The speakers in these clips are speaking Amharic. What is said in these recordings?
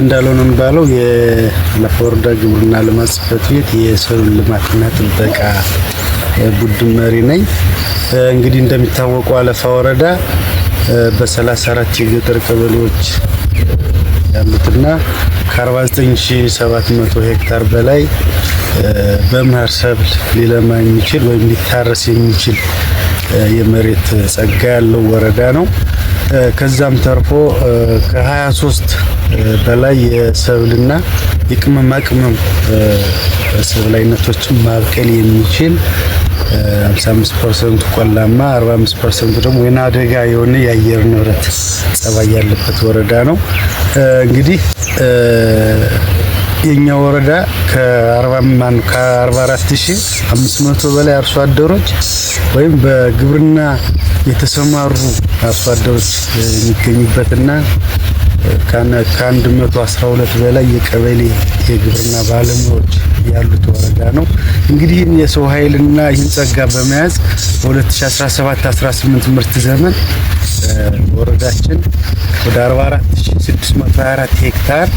እንዳልሆነ የሚባለው የአለፋ ወረዳ ግብርና ልማት ጽሕፈት ቤት የሰብል ልማትና ጥበቃ ቡድን መሪ ነኝ። እንግዲህ እንደሚታወቀው አለፋ ወረዳ በ34 የገጠር ቀበሌዎች ያሉትና ከ49700 ሄክታር በላይ በመኸር ሰብል ሊለማ የሚችል ወይም ሊታረስ የሚችል የመሬት ጸጋ ያለው ወረዳ ነው። ከዛም ተርፎ ከ23 በላይ የሰብልና የቅመማ ቅመም ሰብል አይነቶችን ማብቀል የሚችል 55 ፐርሰንቱ ቆላማ 45 ፐርሰንቱ ደግሞ ወይና አደጋ የሆነ የአየር ንብረት ጸባይ ያለበት ወረዳ ነው። እንግዲህ የኛ ወረዳ ከ44500 በላይ አርሶ አደሮች ወይም በግብርና የተሰማሩ አርሶ አደሮች የሚገኙበትና ከ112 በላይ የቀበሌ የግብርና ባለሙያዎች ያሉት ወረዳ ነው። እንግዲህ የሰው ኃይልና ይህን ጸጋ በመያዝ በ2017/18 ምርት ዘመን ወረዳችን ወደ 44624 ሄክታር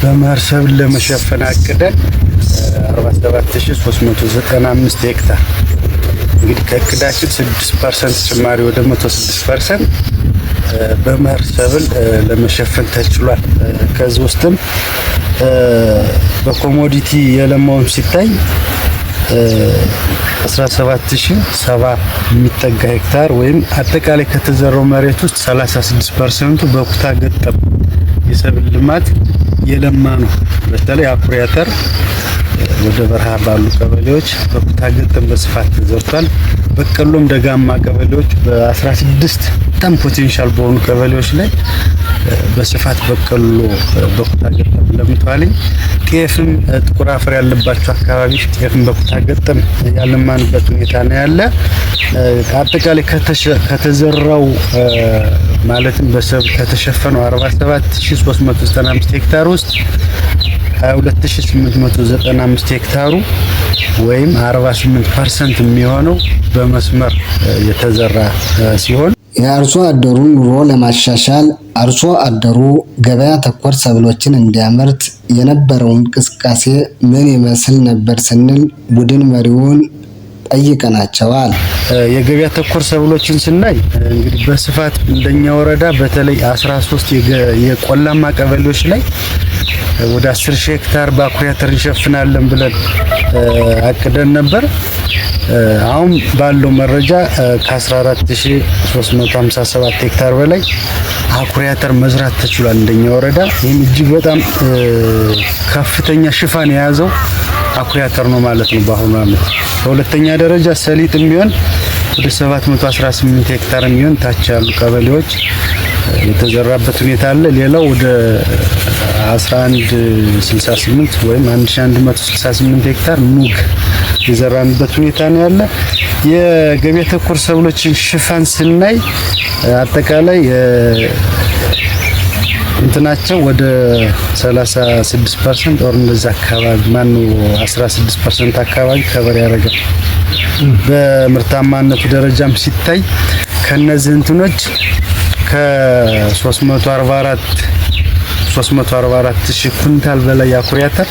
በመኸር ሰብል ለመሸፈን አቅደን 47395 ሄክታር እንግዲህ ከእቅዳችን 6 ፐርሰንት ጭማሪ ወደ 106 ፐርሰንት በመኸር ሰብል ለመሸፈን ተችሏል። ከዚህ ውስጥም በኮሞዲቲ የለማውም ሲታይ 177 የሚጠጋ ሄክታር ወይም አጠቃላይ ከተዘራው መሬት ውስጥ 36 ፐርሰንቱ በኩታ ገጠም የሰብል ልማት የለማ ነው። በተለይ አኩሪ አተር ወደ በረሃ ባሉ ቀበሌዎች በኩታ ገጠም በስፋት ተዘርቷል። በቀሎም ደጋማ ቀበሌዎች በ16 በጣም ፖቴንሻል በሆኑ ቀበሌዎች ላይ በስፋት በቆሎ በኩታ ገጠም ለምቷልኝ ጤፍም ጥቁር አፈር ያለባቸው አካባቢ ጤፍም በኩታ ገጠም ያለማንበት ሁኔታ ነው ያለ። አጠቃላይ ከተዘራው ማለትም በሰብ ከተሸፈነው 47395 ሄክታር ውስጥ 22895 ሄክታሩ ወይም 48% የሚሆነው በመስመር የተዘራ ሲሆን የአርሶ አደሩን ኑሮ ለማሻሻል አርሶ አደሩ ገበያ ተኮር ሰብሎችን እንዲያመርት የነበረው እንቅስቃሴ ምን ይመስል ነበር ስንል ቡድን መሪውን ጠይቀናቸዋል። የገበያ ተኮር ሰብሎችን ስናይ እንግዲህ በስፋት እንደኛ ወረዳ በተለይ 13 የቆላማ ቀበሌዎች ላይ ወደ 10 ሺህ ሄክታር በአኩሪ አተር እንሸፍናለን ብለን አቅደን ነበር። አሁን ባለው መረጃ ከ14357 ሄክታር በላይ አኩሪ አተር መዝራት ተችሏል። እንደኛ ወረዳ ይህም እጅግ በጣም ከፍተኛ ሽፋን የያዘው አኩሪ አተር ነው ማለት ነው በአሁኑ ዓመት። በሁለተኛ ደረጃ ሰሊጥ የሚሆን ወደ 718 ሄክታር የሚሆን ታች ያሉ ቀበሌዎች የተዘራበት ሁኔታ አለ። ሌላው ወደ 1168 ወይም 1168 ሄክታር ኑግ የዘራንበት ሁኔታ ነው ያለ። የገበያ ተኮር ሰብሎችን ሽፋን ስናይ አጠቃላይ እንትናቸው ወደ 36 ፐርሰንት ኦር እንደዛ አካባቢ ማነው 16 ፐርሰንት አካባቢ ከበር ያደርጋል። በምርታማነቱ ደረጃም ሲታይ ከነዚህ እንትኖች ከ344 344 ኩንታል በላይ የአኩሪ አተር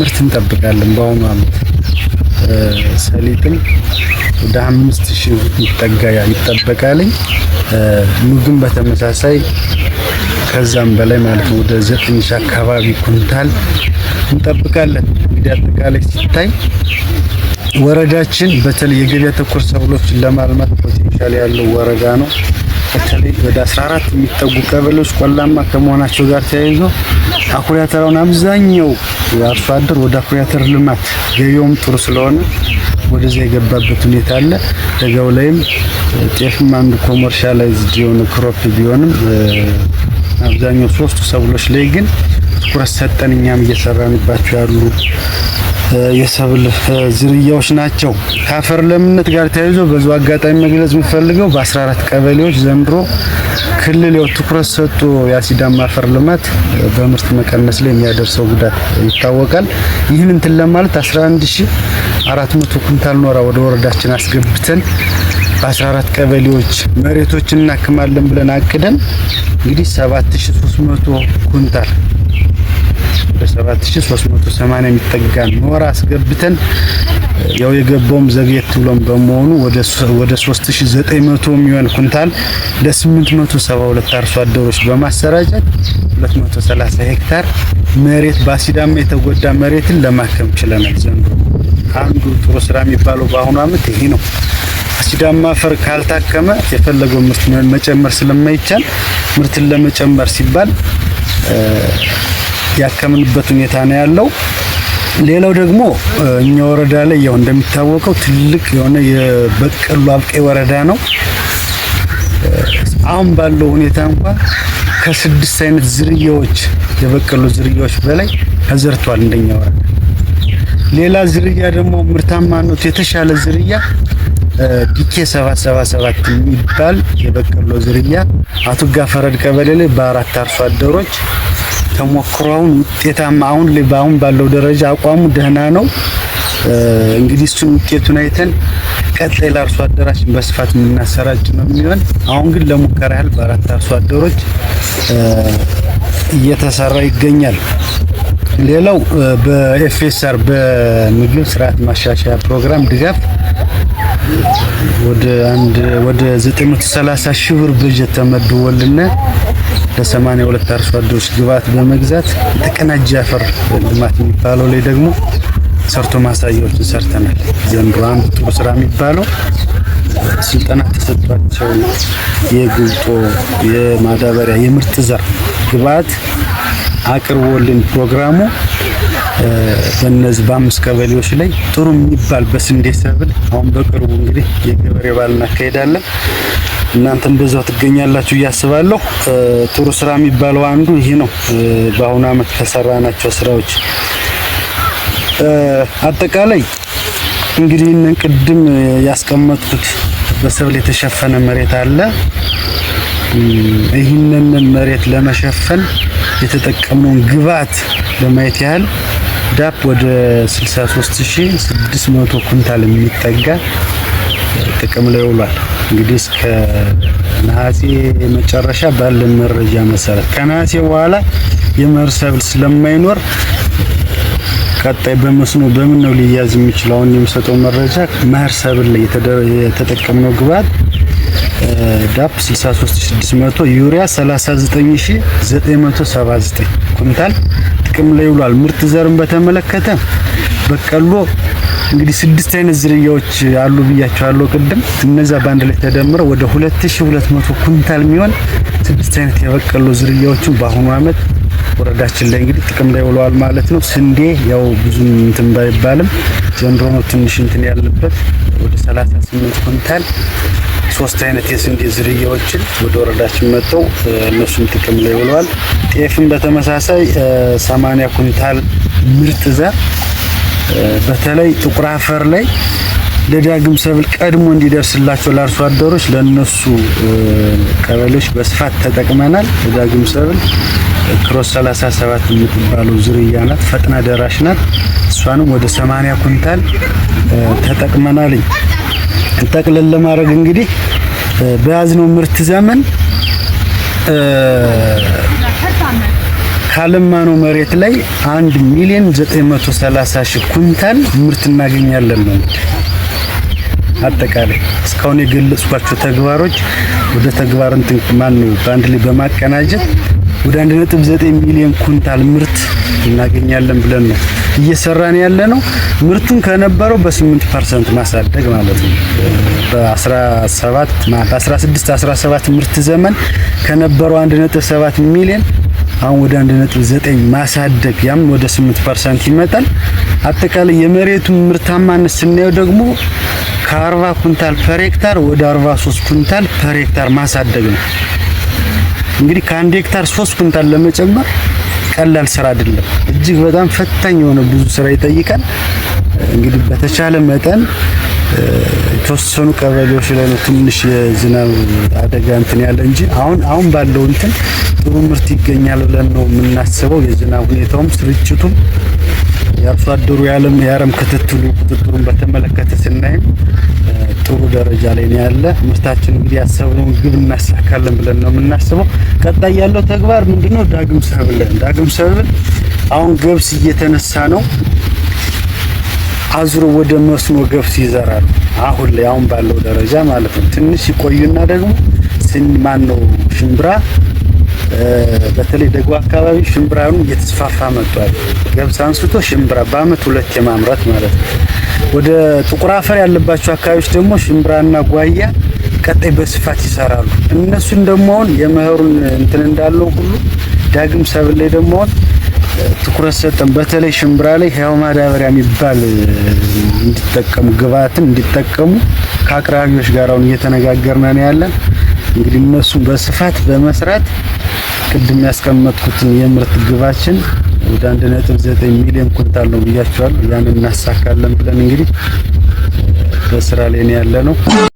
ምርት እንጠብቃለን። በአሁኑ አመት ሰሊጥም ወደ 5000 ይጠጋ ይጠበቃል። ኑግም በተመሳሳይ ከዛም በላይ ማለት ነው ወደ ዘጠኝ ሺህ አካባቢ ኩንታል እንጠብቃለን። እንግዲህ አጠቃላይ ሲታይ ወረዳችን በተለይ የገበያ ተኮር ሰብሎችን ለማልማት ፖቴንሻል ያለው ወረዳ ነው። በተለይ ወደ 14 የሚጠጉ ቀበሌዎች ቆላማ ከመሆናቸው ጋር ተያይዞ አኩሪ አተራውን አብዛኛው አርሶ አደር ወደ አኩሪ አተር ልማት ገቢውም ጥሩ ስለሆነ ወደዚያ የገባበት ሁኔታ አለ። ደጋው ላይም ጤፍም አንድ ኮመርሻላይዝድ የሆነ ክሮፕ ቢሆንም አብዛኛው ሶስቱ ሰብሎች ላይ ግን ትኩረት ሰጠን እኛም እየሰራንባቸው ያሉ የሰብል ዝርያዎች ናቸው። ከአፈር ለምነት ጋር ተያይዞ በዚ አጋጣሚ መግለጽ የምፈልገው በ14 ቀበሌዎች ዘንድሮ ክልል ያው ትኩረት ሰጥቶ የአሲዳማ አፈር ልማት በምርት መቀነስ ላይ የሚያደርሰው ጉዳት ይታወቃል። ይህን እንትን ለማለት 11400 ኩንታል ኖራ ወደ ወረዳችን አስገብተን በ14 ቀበሌዎች መሬቶችን እናክማለን ብለን አቅደን እንግዲህ 7300 ኩንታል በ7380 የሚጠጋ ኖራ አስገብተን ያው የገባውም ዘግየት ብሎም በመሆኑ ወደ 3900 የሚሆን ኩንታል ለ872 አርሶ አደሮች በማሰራጨት 230 ሄክታር መሬት በአሲዳማ የተጎዳ መሬትን ለማከም ችለናል። ዘንድሮ አንዱ ጥሩ ስራ የሚባለው በአሁኑ አመት ይሄ ነው። ሲዳማ አፈር ካልታከመ የፈለገው ምርት መጨመር ስለማይቻል ምርትን ለመጨመር ሲባል ያከምንበት ሁኔታ ነው ያለው። ሌላው ደግሞ እኛ ወረዳ ላይ ያው እንደሚታወቀው ትልቅ የሆነ የበቀሉ አብቃይ ወረዳ ነው። አሁን ባለው ሁኔታ እንኳን ከስድስት አይነት ዝርያዎች የበቀሉ ዝርያዎች በላይ ተዘርቷል እንደኛ ወረዳ። ሌላ ዝርያ ደግሞ ምርታማነቱ የተሻለ ዝርያ ዲኬ 777 የሚባል የበቀሎ ዝርያ አቶ ጋፈረድ ቀበሌ ላይ በአራት አርሶ አደሮች ተሞክሮውን ውጤታማ አሁን ላይ በአሁን ባለው ደረጃ አቋሙ ደህና ነው። እንግዲህ እሱን ውጤቱን አይተን ቀጣይ ለአርሶ አደራችን በስፋት የምናሰራጭ ነው የሚሆን። አሁን ግን ለሙከራ ያህል በአራት አርሶ አደሮች እየተሰራ ይገኛል። ሌላው በኤፍኤስአር በምግብ ስርዓት ማሻሻያ ፕሮግራም ድጋፍ ወደ አንድ ወደ 930 ሺህ ብር በጀት ተመድቦልና ለ82 አርሶ አደሮች ግብዓት በመግዛት የተቀናጀ አፈር ልማት የሚባለው ላይ ደግሞ ሰርቶ ማሳያዎችን ሰርተናል። ዘንድሮ አንድ ጥሩ ስራ የሚባለው ስልጠና ተሰጥቷቸው የግብጦ የማዳበሪያ የምርጥ ዘር ግብዓት አቅርቦልን ፕሮግራሙ በነዚህ በአምስት ቀበሌዎች ላይ ጥሩ የሚባል በስንዴ ሰብል አሁን በቅርቡ እንግዲህ የገበሬ በዓል እናካሄዳለን። እናንተ እንደዛው ትገኛላችሁ እያስባለሁ። ጥሩ ስራ የሚባለው አንዱ ይሄ ነው። በአሁኑ አመት ከሰራናቸው ስራዎች አጠቃላይ እንግዲህ ይህንን ቅድም ያስቀመጥኩት በሰብል የተሸፈነ መሬት አለ። ይህንን መሬት ለመሸፈን የተጠቀመውን ግብዓት ለማየት ያህል ዳፕ ወደ 63600 ኩንታል የሚጠጋ ጥቅም ላይ ውሏል። እንግዲህ እስከ ነሐሴ መጨረሻ ባለን መረጃ መሰረት ከነሐሴ በኋላ የመኸር ሰብል ስለማይኖር ቀጣይ በመስኖ በምን ነው ሊያዝ የሚችለው? አሁን የምሰጠው መረጃ መኸር ሰብል ላይ የተጠቀምነው ግብዓት ዳፕ 63600 ዩሪያ 39979 ኩንታል ጥቅም ላይ ውሏል። ምርጥ ዘርን በተመለከተ በቀሎ እንግዲህ ስድስት አይነት ዝርያዎች አሉ ብያቸዋለሁ ቅድም። እነዛ በአንድ ላይ ተደምረው ወደ 2200 ኩንታል የሚሆን ስድስት አይነት የበቀሎ ዝርያዎችን በአሁኑ አመት ወረዳችን ላይ እንግዲህ ጥቅም ላይ ውለዋል ማለት ነው። ስንዴ ያው ብዙም እንትን ባይባልም ዘንድሮ ነው ትንሽ እንትን ያለበት ወደ 38 ኩንታል ሶስት አይነት የስንዴ ዝርያዎችን ወደ ወረዳችን መጥተው እነሱም ጥቅም ላይ ውለዋል። ጤፍን በተመሳሳይ 80 ኩንታል ምርጥ ዘር በተለይ ጥቁር አፈር ላይ ለዳግም ሰብል ቀድሞ እንዲደርስላቸው ለአርሶ አደሮች ለነሱ ቀበሌዎች በስፋት ተጠቅመናል። ለዳግም ሰብል ክሮስ 37 የምትባለው ዝርያ ናት፣ ፈጥና ደራሽ ናት። እሷንም ወደ 80 ኩንታል ተጠቅመናልኝ። ጠቅለል ለማድረግ እንግዲህ በያዝነው ምርት ዘመን ካለማነው መሬት ላይ 1 ሚሊዮን 930 ሺህ ኩንታል ምርት እናገኛለን ነው። አጠቃላይ እስካሁን የገለጽኳቸው ተግባሮች ወደ ተግባር እንትን ማን ነው በአንድ ላይ በማቀናጀት ወደ 1.9 ሚሊዮን ኩንታል ምርት እናገኛለን ብለን ነው እየሰራን ያለ ነው። ምርቱን ከነበረው በ8 ፐርሰንት ማሳደግ ማለት ነው። በ17 በ16 17 ምርት ዘመን ከነበረው 1.7 ሚሊዮን አሁን ወደ 1.9 ማሳደግ ያም ወደ 8 ፐርሰንት ይመጣል። አጠቃላይ የመሬቱን ምርታማነት ስናየው ደግሞ ከ40 ኩንታል ፐር ሄክታር ወደ 43 ኩንታል ፐር ሄክታር ማሳደግ ነው። እንግዲህ ከአንድ ሄክታር 3 ኩንታል ለመጨመር ቀላል ስራ አይደለም። እጅግ በጣም ፈታኝ የሆነ ብዙ ስራ ይጠይቃል። እንግዲህ በተቻለ መጠን የተወሰኑ ቀበሌዎች ላይ ነው ትንሽ የዝናብ አደጋ እንትን ያለ እንጂ አሁን አሁን ባለው እንትን ጥሩ ምርት ይገኛል ብለን ነው የምናስበው። የዝናብ ሁኔታውም ስርጭቱም የአርሶ አደሩ የአረም ክትትሉ ቁጥጥሩን በተመለከተ ስናይም ጥሩ ደረጃ ላይ ነው ያለ። ምርታችን እንግዲህ ያሰብነውን ግብ እናሳካለን ብለን ነው የምናስበው። ቀጣይ ያለው ተግባር ምንድነው? ዳግም ሰብልን ዳግም ሰብል አሁን ገብስ እየተነሳ ነው። አዙሮ ወደ መስኖ ገብስ ይዘራሉ። አሁን ላይ አሁን ባለው ደረጃ ማለት ነው። ትንሽ ይቆዩና ደግሞ ስን ማን ነው ሽምብራ በተለይ ደጉ አካባቢ ሽምብራኑ እየተስፋፋ መጥቷል። ገብስ አንስቶ ሽምብራ በአመት ሁለት የማምረት ማለት ነው። ወደ ጥቁር አፈር ያለባቸው አካባቢዎች ደግሞ ሽምብራና ጓያ ቀጣይ በስፋት ይሰራሉ። እነሱን ደግሞ አሁን የመኸሩን እንትን እንዳለው ሁሉ ዳግም ሰብል ላይ ደግሞ አሁን ትኩረት ሰጠን። በተለይ ሽምብራ ላይ ህያው ማዳበሪያ የሚባል እንዲጠቀሙ ግብአትን እንዲጠቀሙ ከአቅራቢዎች ጋር አሁን እየተነጋገርን ነው ያለን። እንግዲህ እነሱ በስፋት በመስራት ቅድም ያስቀመጥኩትን የምርት ግባችን ወደ 1.9 ሚሊዮን ኩንታል ነው ብያቸዋል። ያንን እናሳካለን ብለን እንግዲህ በስራ ላይ ነው ያለ ነው።